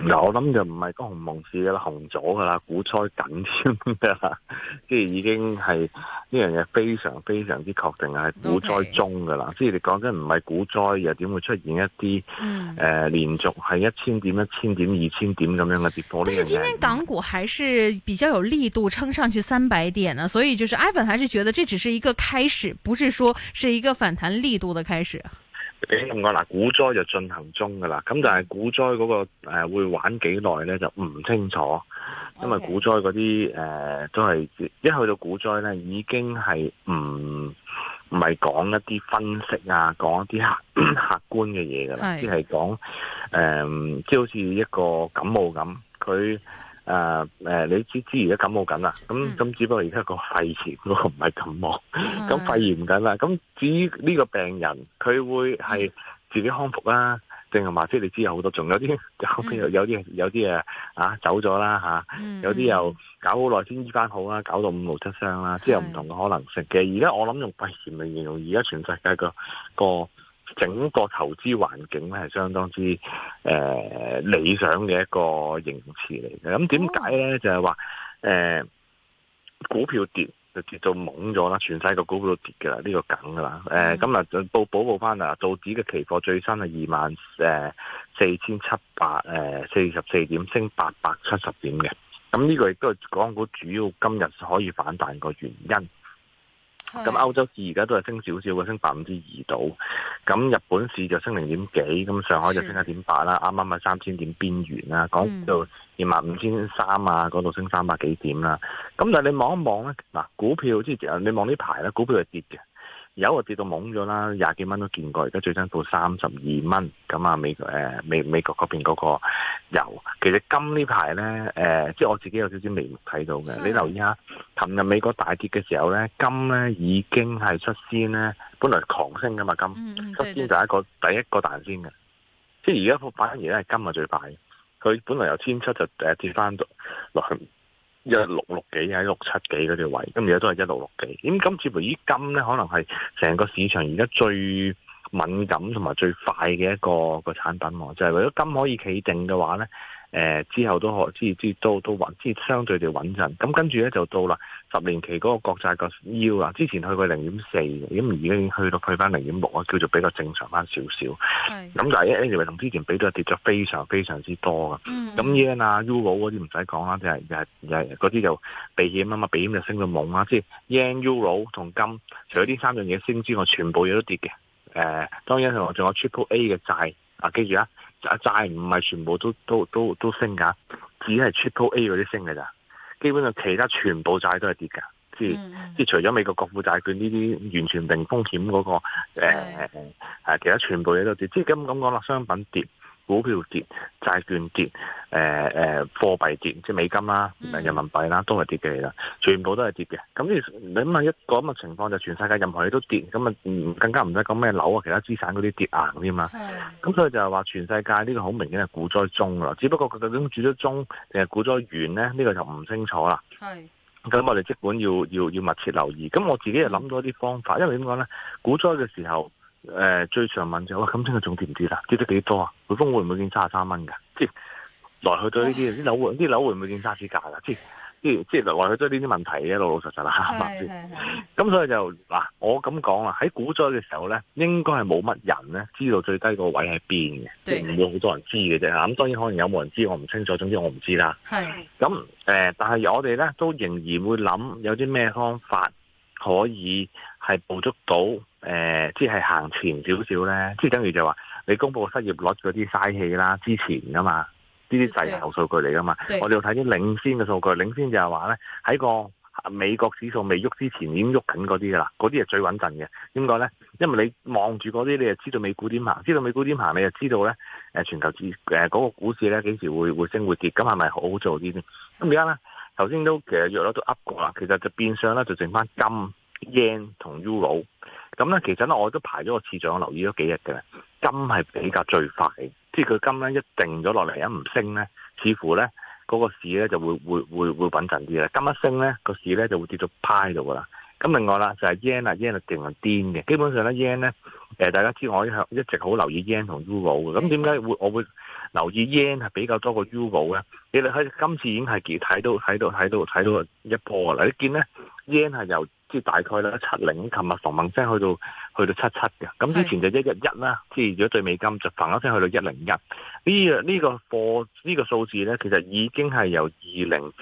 嗱、 啊，我諗就唔係高紅夢市噶啦，紅咗噶啦，股災緊添噶啦，即係已經係呢樣嘢非常非常之確定係股災中噶啦。即係你講緊唔係股災又點會出現一啲誒、嗯呃、連續係一,一千點、一千點、二千點咁樣嘅？跌破但是今天港股還是、嗯、比較有力度撐上去三百點呢、啊、所以就是 Ivan 還是覺得這只是一個開始，不是說是一個反彈力度的開始。另外，嗱，股災就進行中噶啦，咁但係股災嗰個誒、呃、會玩幾耐咧就唔清楚，因為股災嗰啲誒都係一去到股災咧，已經係唔唔係講一啲分析啊，講一啲客客觀嘅嘢，噶啦，即係講誒即係好似一個感冒咁佢。誒誒、呃，你知知而家感冒緊啦，咁、嗯、咁、嗯、只不過而家個肺炎嗰個唔係感冒，咁肺炎緊啦。咁、嗯嗯嗯、至於呢個病人，佢會係自己康復啦，定係即係你知有好多，仲有啲有啲有啲誒啊走咗啦吓，有啲、啊啊嗯、又搞好耐先醫翻好啦，搞到五癆七傷啦，即係有唔同嘅可能性嘅。而家、嗯、我諗用肺炎嚟形容而家全世界個個。整個投資環境咧係相當之誒、呃、理想嘅一個形容詞嚟嘅，咁點解咧？就係話誒股票跌就跌到懵咗啦，全世界個股票都跌嘅啦，呢、這個梗噶啦。誒、呃，今日報補報翻啊，道指嘅期貨最新係二萬誒四千七百誒四十四點，升八百七十點嘅。咁呢個亦都係港股主要今日可以反彈個原因。咁歐洲市而家都係升少少嘅，升百分之二度。咁日本市就升零點幾，咁上海就升一點八啦，啱啱喺三千點邊緣啦，講到二萬五千三啊，嗰度升三百幾點啦。咁但係你望一望咧，嗱股票即係你望呢排咧，股票係跌嘅。有個跌到懵咗啦，廿幾蚊都見過，而家最新到三十二蚊。咁啊美誒美美國嗰、呃、邊嗰個油，其實金呢排咧誒，即係我自己有少少眉目睇到嘅。的你留意下，琴日美國大跌嘅時候咧，金咧已經係出先咧，本來是狂升噶嘛金，嗯嗯、出先就一個對對對第一個彈先嘅。即係而家反而嘅嘢金係最快，佢本來由千七就誒跌翻落去一六六幾喺六七幾嗰條位，咁而家都係一六六幾，咁今次回於金咧，可能係成個市場而家最敏感同埋最快嘅一個個產品喎，就係、是、為咗金可以企定嘅話咧。誒、呃，之後都可，即係都都穩，即係相對就穩陣。咁跟住咧就到啦，十年期嗰個國債個 Yield 啦，之前去過零點四，而家已經去到去翻零點六啊，叫做比較正常翻少少。咁但係因為同之前比都係跌咗非常非常之多噶。咁、嗯嗯、yen 啊、Euro 嗰啲唔使講啦，就係就係嗰啲就避險啊嘛，避險就升到懵啊，即、就、係、是、yen、Euro 同金，除咗呢三樣嘢升之外，全部嘢都跌嘅。誒、呃，當然係我仲有 Triple A 嘅債，啊，記住啦、啊。債唔係全部都都都都升噶，只係 Triple A 嗰啲升噶咋，基本上其他全部債都係跌噶，即係即係除咗美國國庫債券呢啲完全零風險嗰個誒誒誒，其他全部嘢都跌，即係咁咁講啦，商品跌。股票跌、債券跌、誒、呃、誒貨幣跌，即係美金啦、嗯、人民幣啦，都係跌嘅嚟啦，全部都係跌嘅。咁你你問一個咁嘅情況，就係、全世界任何嘢都跌，咁啊，更加唔使講咩樓啊，其他資產嗰啲跌硬添、啊、嘛。咁是所以就係話，全世界呢個好明顯係股災中啦，只不過佢究竟住咗中定係股災完咧？呢、呢個就唔清楚啦。係是。咁我哋即管要要要密切留意。咁我自己又諗咗啲方法，因為點講咧？股災嘅時候。誒，最常問就是，喂，咁聽日仲跌唔跌啦？跌得幾多啊？匯豐會唔會見卅三蚊嘅？即、就、係、是、來去到呢啲，啲樓會，啲樓會唔會見沙士價噶？即即即係來去到呢啲問題嘅，老老實實啦，明白先。咁所以就嗱，我咁講啦，喺股災嘅時候咧，應該係冇乜人咧知道最低個位喺邊嘅，即係唔對會好多人知嘅啫。咁當然可能有冇人知，我唔清楚。總之我唔知啦。係是。咁誒、呃，但係我哋咧都仍然會諗有啲咩方法可以。係捕捉到誒、呃，即係行前少少咧，即係等於就話你公布失業率嗰啲嘥氣啦，之前噶嘛，呢啲滯後數據嚟噶嘛。我哋要睇啲領先嘅數據，領先就係話咧，喺個美國指數未喐之前已經喐緊嗰啲噶啦，嗰啲係最穩陣嘅。點解咧？因為你望住嗰啲，你就知道美股點行，知道美股點行，你就知道咧誒，全球誒嗰個股市咧幾時會會升會跌，咁係咪好好做啲？咁而家咧，頭先都其實藥樓都 up 過啦，其實就變相咧就剩翻金。yen 同 Euro，咁咧其實咧我都排咗個次序，我留意咗幾日嘅，金係比較最快，即係佢金咧一定咗落嚟，一唔升咧，似乎咧嗰、那個市咧就會會會會穩陣啲啦。金一升咧，個市咧就會跌到趴喺度噶啦。咁另外啦，就係、是、yen 啊 yen 一定係癲嘅，基本上咧 yen 咧，誒、呃、大家知我一向一直好留意 yen 同 Euro 嘅。咁點解會我會留意 yen 係比較多過 Euro 咧？你哋喺今次已經係見睇到睇到睇到睇到一波啦。你見咧 yen 係由即大概咧七零，琴日狂猛聲去到去到七七嘅，咁之前就一一一啦，即係如果對美金就狂一聲去到一零一，這個這個、呢樣呢個貨呢個數字咧，其實已經係由二零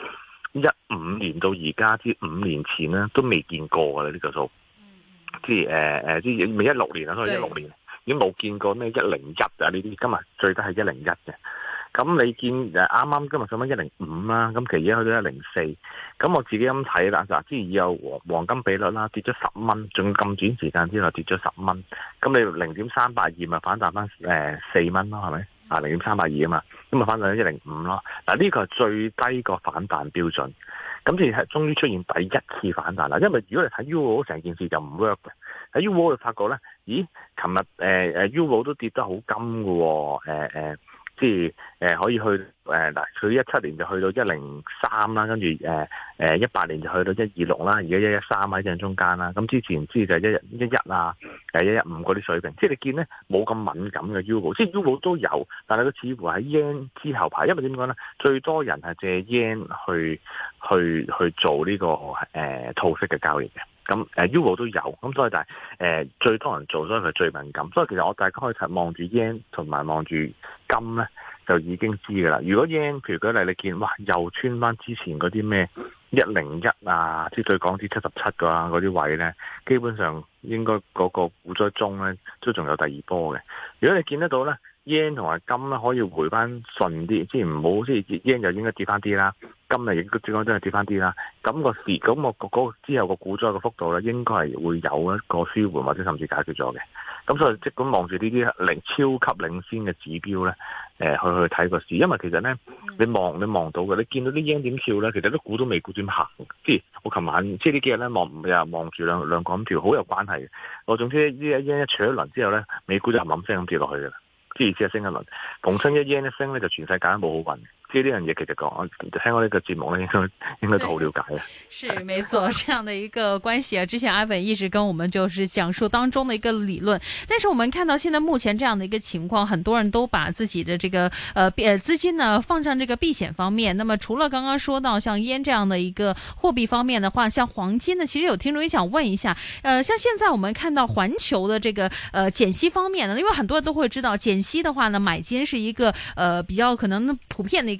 一五年到而家之五年前咧都未見過嘅啦，呢、這個數，即係誒誒，即未一六年啊，所以一六年對已經冇見過咩一零一啊呢啲，今日最低係一零一嘅。咁你見誒啱啱今日上翻一零五啦，咁其實而家去到一零四，咁我自己咁睇啦，嗱、就是，之前已有黃黃金比率啦，跌咗十蚊，仲要咁短時間之內跌咗十蚊，咁你零點三八二咪反彈翻誒四蚊咯，係咪？啊，零點三八二啊嘛，咁咪反彈一零五咯。嗱，呢個係最低個反彈標準，咁先係終於出現第一次反彈啦。因為如果你睇 UO 成件事就唔 work 嘅，喺 UO 就發覺咧，咦，琴日誒誒 UO 都跌得好金嘅喎，誒、呃呃呃呃呃呃呃呃即係誒可以去誒嗱，佢一七年就去到一零三啦，跟住誒誒一八年就去到一二六啦，而家一一三喺正中間啦。咁之前先就一一一一啊，誒一一五嗰啲水平。即係你見咧冇咁敏感嘅 UBO，即係 UBO 都有，但係佢似乎喺 yen 之後排，因為點講咧？最多人係借 yen 去去去做呢、這個誒套息嘅交易嘅。咁誒 Euro 都有，咁所以但係、呃、最多人做，所以佢最敏感。所以其實我大家可以望住 yen 同埋望住金咧，就已經知㗎啦。如果 yen 譬如舉例，你見哇又穿翻之前嗰啲咩一零一啊，即係港紙七十七嘅嗰啲位咧，基本上應該嗰個股災中咧都仲有第二波嘅。如果你見得到咧。y 同埋金咧可以回翻順啲，即係唔好即係 y 就應該跌翻啲啦，金啊亦都最講真係跌翻啲啦。咁、那個市，咁、那、我、個那個、之後個股災嘅幅度咧，應該係會有一個舒緩或者甚至解決咗嘅。咁所以即咁望住呢啲零超級領先嘅指標咧，誒、呃、去去睇個市，因為其實咧、嗯、你望你望到嘅，你見到啲 y e 點跳咧，其實都估都未股點行。即係我琴晚即係呢幾日咧望又望住兩兩個咁條好有關係。我總之呢一 y 一除咗輪之後咧，美股就冚冧聲咁跌落去嘅。意思係升一輪，逢親日圓一升咧，就全世界都冇好運。知呢樣其實講聽我呢個節目應該應該都好了解。是，沒錯， 這樣的一個關係啊。之前阿偉一直跟我們就是講述當中的一個理論，但是我們看到現在目前這樣的一個情況，很多人都把自己的這個呃呃資金呢放上這個避險方面。那麼除了剛剛說到像煙這樣的一個貨幣方面的話，像黃金呢，其實有聽眾也想問一下，呃，像現在我們看到環球的這個呃減息方面呢，因為很多人都會知道減息的話呢，買金是一個呃比較可能普遍嘅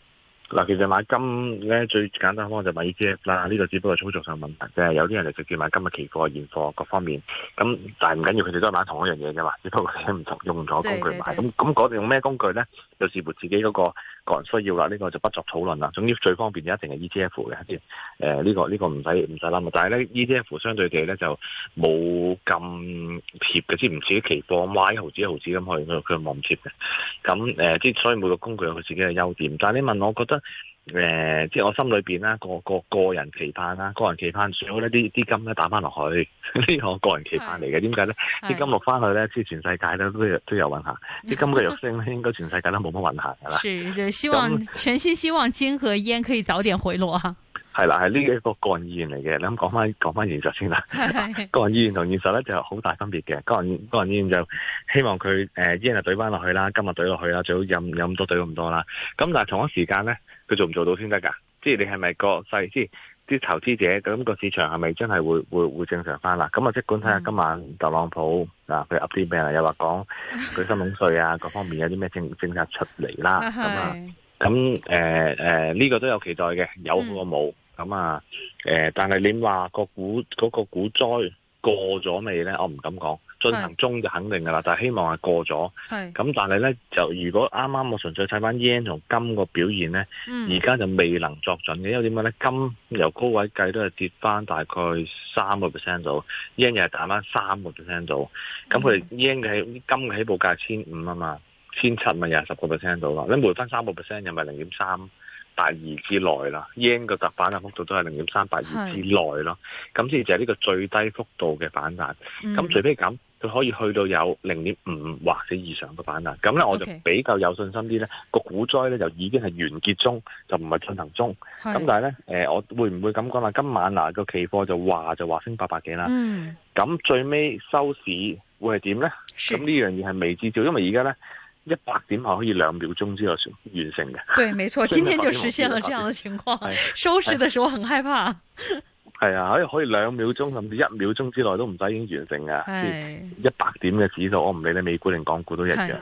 嗱，其實買金咧最簡單方就買 E T F 啦，呢個只不過操作上問題啫。有啲人就直接買金嘅期貨、現貨各方面，咁但係唔緊要，佢哋都係買同一樣嘢嘅嘛，只不過佢唔同用咗工具買。咁咁嗰度用咩工具咧？就視乎自己嗰個個人需要啦，呢、這個就不作討論啦。總之最方便就一定係 E T F 嘅先。誒、呃、呢、這個呢、這個唔使唔使諗啊。但係咧 E T F 相對地咧就冇咁貼嘅，即係唔似啲期貨買一毫子一毫子咁去，佢佢望唔貼嘅。咁誒，即、呃、係所以每個工具有佢自己嘅優點。但係你問我覺得，誒、呃，即係我心裏邊啦，個個個人期盼啦，個人期盼最好咧啲金咧打翻落去，呢個個人期盼嚟嘅。點解咧？啲金落翻去咧，知全世界咧都都有運行，金嘅肉升咧，應該全世界都冇乜運行噶啦。希望樣全新希望金和煙可以早點回落。係啦，係呢一個個人意願嚟嘅。你諗，講翻講翻現實先啦。個人意願同現實咧就好大分別嘅。個人個人意願就希望佢誒、呃，依日懟翻落去啦，今日懟落去啦，最好有有咁多懟到咁多啦。咁但係同一時間咧，佢做唔做到先得噶？即係你係咪個細即係啲投資者咁、咁個市場係咪真係會會會正常翻啦？咁啊，即管睇下今晚特朗普、嗯、啊，佢 up 啲咩啊？又話講佢新統稅啊，各方面有啲咩政政策出嚟啦？咁的啊。咁誒誒，呢、呃呃這個都有期待嘅，有好過冇咁啊？誒、嗯嗯，但係你話個股嗰、那個股災過咗未咧？我唔敢講，進行中就肯定噶啦，是但係希望係過咗。係咁是，但係咧就如果啱啱我純粹睇翻 yen 同金個表現咧，而家、嗯、就未能作準嘅，因為點解咧？金由高位計都係跌翻大概三個 percent 到，yen 又係減翻三個 percent 到。咁佢哋 yen 嘅起金嘅起步價千五啊嘛。千七咪廿十個 percent 到啦，你回翻三個 percent 又咪零點三八二之內啦。yen 個特反嘅幅度都係零點三八二之內咯。咁即係就係呢個最低幅度嘅反彈。咁除非咁，佢可以去到有零點五或者以上嘅反彈。咁咧我就比較有信心啲咧，個 Okay 股災咧就已經係完結中，就唔係進行中。咁是但係咧，誒，我會唔會咁講啊？今晚嗱個期貨就話就話升八百幾啦。咁、嗯、最尾收市會係點咧？咁呢是樣嘢係未知數，因為而家咧。一百點係可以兩秒鐘之內完成嘅，對，沒錯，今天就實現了這樣的情況。收市的時候很害怕，係啊，可以可以兩秒鐘甚至一秒鐘之內都唔使已經完成噶。一百是點嘅指數，我唔理你美股定港股都一樣。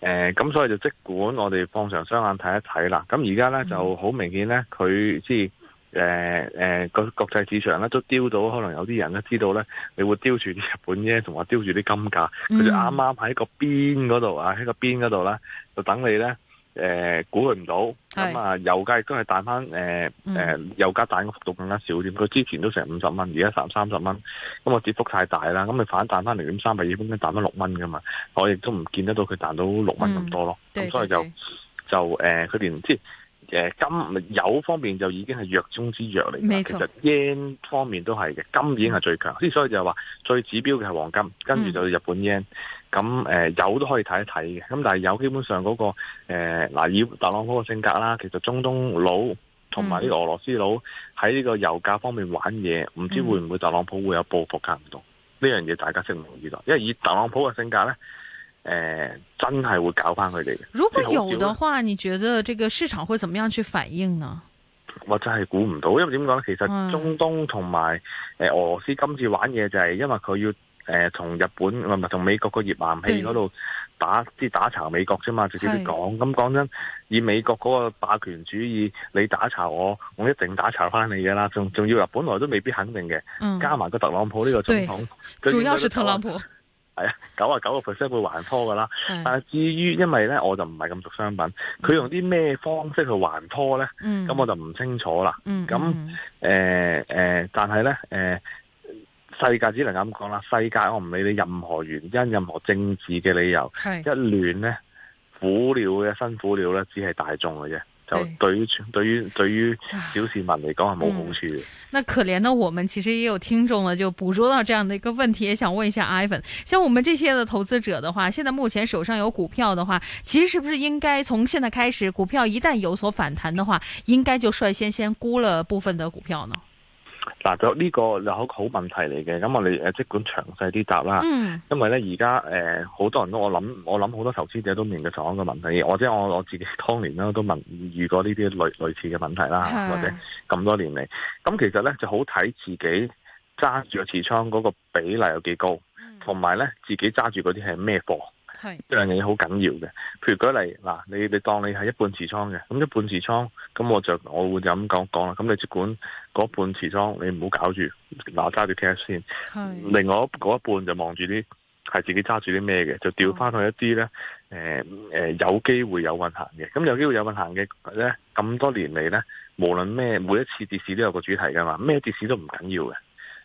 誒是，咁、呃、所以就即管我哋放長雙眼睇一睇啦。咁而家呢，就好明顯呢，佢即係。誒誒個國際市場咧都丟到，可能有啲人咧知道咧，你會丟住啲日本嘅，同埋丟住啲金價，佢、嗯、就啱啱喺個邊嗰度啊，喺個邊嗰度咧就等你咧誒、呃、估佢唔到，咁啊是油價亦都係彈翻誒誒油價彈嘅幅度更加少啲，佢之前都成五十蚊，而家三三十蚊，咁我跌幅太大啦，咁你反彈翻零點三，咪已經彈翻六蚊㗎嘛，我亦都唔見得到佢彈到六蚊咁多咯，咁、嗯、所以就對對對就誒佢、呃、連誒金油方面就已經係弱中之弱嚟啦，冇錯，其實 yen 方面都係嘅，金已經係最強，之所以就係話最指標嘅係黃金，跟住就日本 yen，咁誒油都可以睇一睇嘅，咁但係油基本上嗰、嗰個誒嗱、呃、以特朗普嘅性格啦，其實中東佬同埋啲俄羅斯佬喺呢個油價方面玩嘢，唔知會唔會特朗普會有報復行動呢、嗯、樣嘢，大家識唔留意到？因為以特朗普嘅性格咧。誒、呃，真係會搞翻佢哋。如果有的話，呢你覺得這個市場會怎麼樣去反應呢？我真係估唔到，因為點講呢？其實中東同埋俄羅斯今次玩嘢就係因為佢要誒同、呃、日本唔係唔係同美國個液氮氣嗰度打，即對打，打查美國啫嘛。直接啲講，咁講是真，以美國嗰個霸權主義，你打查我，我一定打查翻你㗎啦。仲仲要本來都未必肯定嘅。嗯、加埋個特朗普呢個總統，對主要是特朗普。係啊，九啊九個 percent 會還拖噶啦，是但係至於因為咧，我就唔係咁熟商品，佢用啲咩方式去還拖咧，咁、嗯、我就唔清楚啦。咁誒誒，但係咧誒，世界只能咁講啦。世界我唔理你任何原因、任何政治嘅理由，是一亂咧苦了嘅、辛苦了咧，只係大眾嘅啫。就對於對於對於小市民嚟講係冇好處。那可憐的我們其實也有聽眾啦，就捕捉到這樣的一個問題，也想問一下 Ivan，像我們這些的投資者的話，現在目前手上有股票的話，其實是不是應該從現在開始，股票一旦有所反彈的話，應該就率先先沽了部分的股票呢？嗱，就呢個又好好問題嚟嘅，咁我哋誒，即管詳細啲答啦。嗯、因為咧，而家誒，呃、好多人都我諗，我諗好多投資者都面對咗個問題，或者我我自己當年啦，都問，遇過呢啲類類似嘅問題啦，的或者咁多年嚟，咁其實咧就好睇自己揸住個持倉嗰個比例有幾高，同埋咧自己揸住嗰啲係咩貨。一樣嘢好緊要嘅，譬如舉例嗱，你你，你當你係一半持倉嘅，咁一半持倉，咁我就我會就咁講講啦。咁你盡管嗰半持倉，你唔好搞住，嗱我揸住 cash 先，是。另外嗰一半就望住啲係自己揸住啲咩嘅，就調翻去一啲咧，誒誒、哦呃呃、有機會有運行嘅。咁有機會有運行嘅咧，咁多年嚟咧，無論咩，每一次跌市都有個主題噶嘛，咩跌市都唔緊要嘅。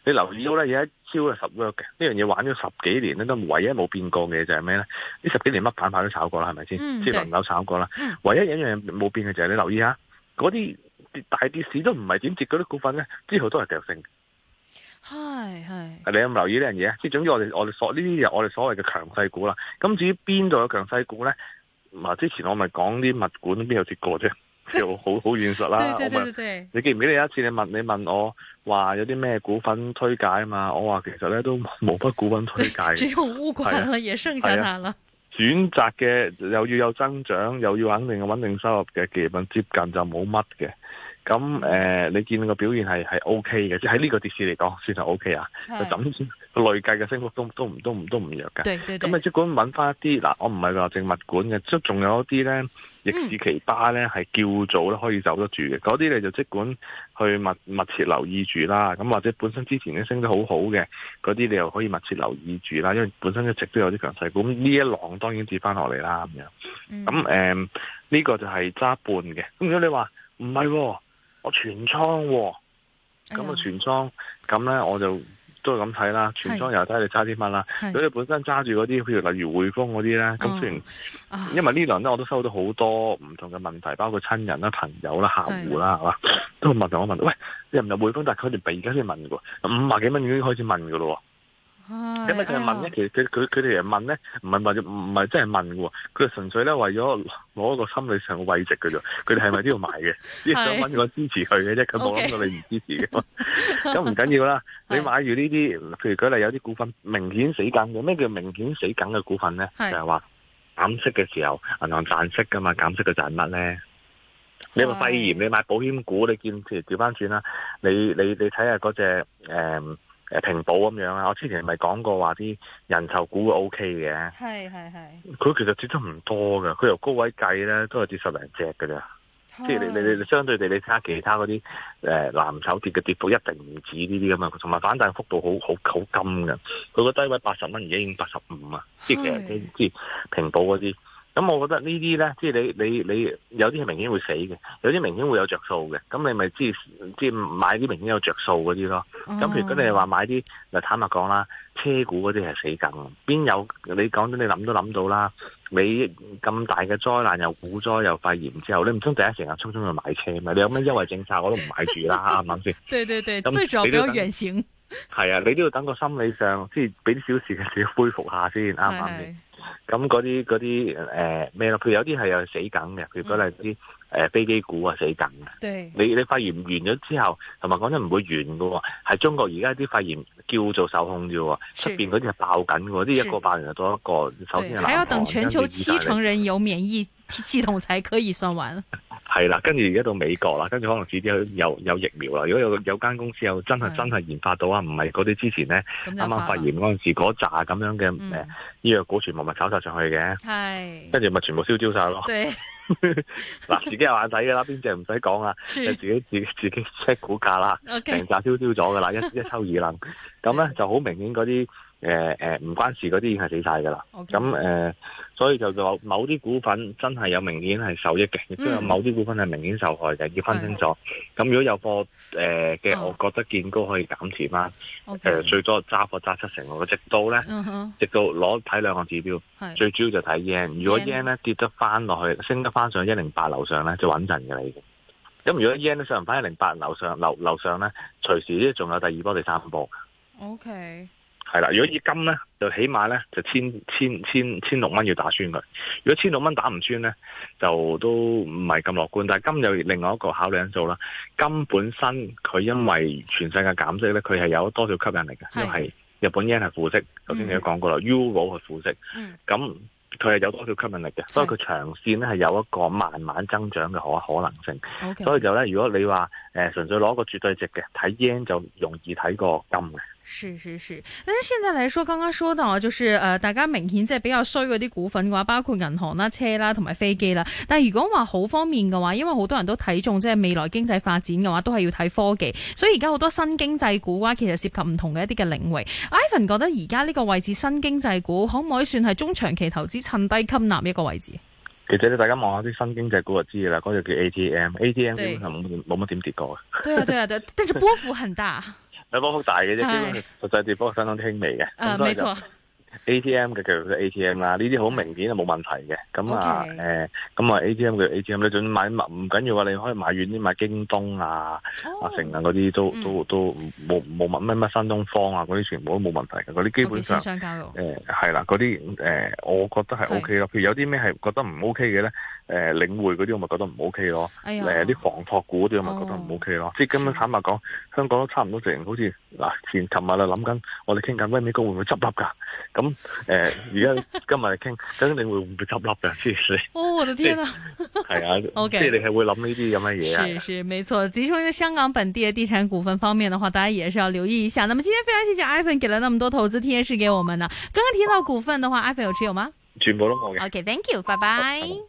你留意到咧，有一招係十 work 嘅呢樣嘢玩咗十幾年咧，都唯一冇變過嘅就係咩咧？呢十幾年乜板塊都炒過啦，係咪先？即係輪流炒過啦。嗯、唯一有一樣嘢冇變嘅就係、是、你留意下，嗰啲大跌市都唔係點跌嗰啲股份咧，之後都係掉升。係係。你有冇留意呢樣嘢？即係總之我哋我哋所呢啲嘢，我哋所謂嘅強勢股啦。咁至於邊度有強勢股咧？嗱，之前我咪講啲物管邊有跌過啫。就好 好現實啦。我咪你記唔記得有一次你問你問我話有啲咩股份推介啊嘛？我話其實呢都冇乜股份推介。只有物管啦、啊，也剩下啦。選擇嘅又要有增長，又要穩定嘅穩定收入嘅，基本接近就冇乜嘅。咁誒、呃，你見個表現係係 O K 嘅，即喺呢個跌市嚟講，是算係 O K 啊。咁累計嘅升幅都都唔都唔都唔弱嘅。咁啊，即管搵翻一啲嗱，我唔係話淨物管嘅，即仲有一啲咧逆市奇葩咧，係叫做咧可以走得住嘅。嗰啲、嗯、你就即管去密密切留意住啦。咁或者本身之前咧升得好好嘅嗰啲，你又可以密切留意住啦，因為本身一直都有啲強勢股，呢一浪當然跌翻落嚟啦咁樣。咁呢、嗯呃呢個就係揸半嘅。咁如果你話唔係。我全倉、哦，咁啊、哎、呦全倉，咁咧我就都係咁睇啦。全倉又睇是你差啲乜啦。是如果你本身揸住嗰啲，譬如例如匯豐嗰啲咧，咁、哦、雖然，哦、因為呢輪咧我都收到好多唔同嘅問題，包括親人啦、啊、朋友啦、啊、客戶啦、啊，係嘛是，都問到我問到，喂，你入唔入匯豐？但佢哋而家先問嘅，五百幾蚊已經開始問噶咯。咁咪就係問咧，哎、呦其實佢佢佢哋嚟問咧，唔係問的，唔係真係問嘅喎，佢純粹咧為咗攞一個心理上嘅慰藉嘅啫。佢哋係咪都要買嘅？只係 是想搵我支持佢嘅啫，佢冇諗過你唔支持嘅。咁唔 緊要啦，你買住呢啲，譬如佢哋有啲股份明顯死梗嘅，咩叫明顯死梗嘅股份咧？就係話減息嘅時候銀行賺息嘅嘛，減息嘅賺乜咧？你話肺炎，你買保險股，你見譬如調翻轉啦，你你你睇下嗰隻誒。嗯。誒，平保咁樣啊！我之前咪講過話啲人壽股 OK 嘅，係係係。佢其實跌得唔多嘅，佢由高位計咧，都係跌十零隻噶咋。是 即係你你你相對地，你睇下其他嗰啲誒藍籌跌嘅跌幅一定唔止呢啲咁啊。同埋反彈幅度好好好金㗎。佢個低位八十蚊而家已經八十五啊！是 即係其實啲啲平保嗰啲。咁我覺得呢啲咧，即係你你你有啲係明顯會死嘅，有啲明顯會有着數嘅。咁你咪即係即係買啲明顯有着數嗰啲咯。咁如果你係話買啲，嗱坦白講啦，車股嗰啲係死梗，邊有你講都你諗都諗到啦。你咁大嘅災難又股災又肺炎之後，你唔通第一時間沖沖去買車咩？你有咩優惠政策我都唔買住啦，啱唔啱先？ 對對對，那最主要不要遠行。係啊，你都要等個心理上，即係俾啲小事嘅自己恢復下先，啱唔啱先？咁嗰啲嗰啲誒咩咯？佢有啲係有死梗嘅，譬如嗰啲誒飛機股啊死梗嘅。對，你你肺炎完咗之後，同埋講真唔會完噶，係中國而家啲肺炎叫做受控啫，出邊嗰啲係爆緊嗰啲一個爆完就多一個。是首先對，還要等全球七成人有免疫系統才可以算完。 係啦，跟住而家到美國啦，跟住可能自己有有疫苗啦。如果有有間公司又真係真係研發到啊，唔係嗰啲之前咧啱啱發現嗰陣時嗰扎咁樣嘅誒醫藥股全部咪炒晒上去嘅，跟住咪全部燒焦晒咯。嗱對， 自己有眼睇噶啦，邊隻唔使講啦就自己自自己 check 股價啦，成扎 Okay 燒焦咗噶啦，一一抽二能，咁咧 就好明顯嗰啲。誒誒，唔、呃、關事嗰啲已經係死晒噶啦。咁誒 Okay.、嗯，所以就就話某啲股份真係有明顯係受益嘅，亦都、嗯、有某啲股份係明顯受害嘅，要分清楚。咁的如果有貨誒嘅，呃哦、我覺得見高可以減持啦。誒 Okay.、呃，最多揸貨揸七成，我直到咧，uh huh. 直到攞睇兩個指標，的最主要就睇 yen。如果 yen 呢，en 呢跌得翻落去，升得翻上一零八樓上咧，就穩陣嘅啦已經。咁如果 yen 上唔翻一零八樓上樓樓上咧，隨時都仲有第二波第三波。O K。係啦，如果以金咧，就起碼咧就千千千千六蚊要打穿佢。如果千六蚊打唔穿咧，就都唔係咁樂觀。但係金又另外一個考慮因素啦。金本身佢因為全世界減息咧，佢係有多少吸引力嘅？的因為日本 yen 係負息，頭先你都講過啦的，Euro 係負息。咁佢係有多少吸引力嘅？的所以佢長線咧係有一個慢慢增長嘅可可能性。Okay 所以就咧，如果你話。誒，純粹攞個絕對值嘅，睇 yen 就容易睇過金嘅。是是是，但係，現在來說，剛剛說到，就是誒、呃，大家明顯即係比較衰嗰啲股份嘅話，包括銀行啦、啊、車啦、啊，同埋飛機啦、啊。但係如果話好方面嘅話，因為好多人都睇中即係未來經濟發展嘅話，都係要睇科技。所以而家好多新經濟股嘅、啊、話，其實涉及唔同嘅一啲嘅領域。Ivan 覺得而家呢個位置新經濟股可唔可以算係中長期投資，趁低吸納一個位置？其實呢，大家望下啲新經濟股就知啦，嗰隻叫 ATM，ATM 基本上冇乜點跌過。對啊，對啊，對，但是波幅很大。啊， 波幅大嘅啫，實際跌幅係相當輕微嘅。啊，嗯嗯，沒 A T M 嘅其實 A T M 啦，呢啲好明顯係冇問題嘅。咁 Okay.、嗯、啊，誒、啊，咁啊 A T M 嘅 A T M 咧准買物，唔緊要啊。你可以買遠啲，買京東啊、百盛、oh. 啊嗰啲、嗯、都都都冇冇乜乜乜新東方啊，嗰啲全部都冇問題嘅。嗰啲基本上誒係、okay. 呃、啦，嗰啲誒我覺得係 O K 啦。Okay. 譬如有啲咩係覺得唔 O K 嘅咧？誒、呃、領匯嗰啲，我咪覺得唔 OK 咯。誒啲房託股嗰啲，我咪覺得唔 OK 咯。即係咁樣坦白講，哦、香港都差唔多成好似嗱前尋日就諗緊，我哋傾緊咩美高會唔會執笠㗎？咁誒而家今日嚟傾，究竟 會唔會執笠㗎。是是哦，我的天啊，係啊，OK，即係你係會諗呢啲咁嘅嘢啊。是是，沒錯。至於喺香港本地嘅地產股份方面嘅話，大家也是要留意一下。咁啊，今天非常謝謝 iPhone 給咗那麼多投資貼士給我們。呢，剛剛提到股份嘅話，iPhone、啊啊、有持有嗎？全部都冇嘅。OK，Thank、okay, you 拜拜。啊 bye bye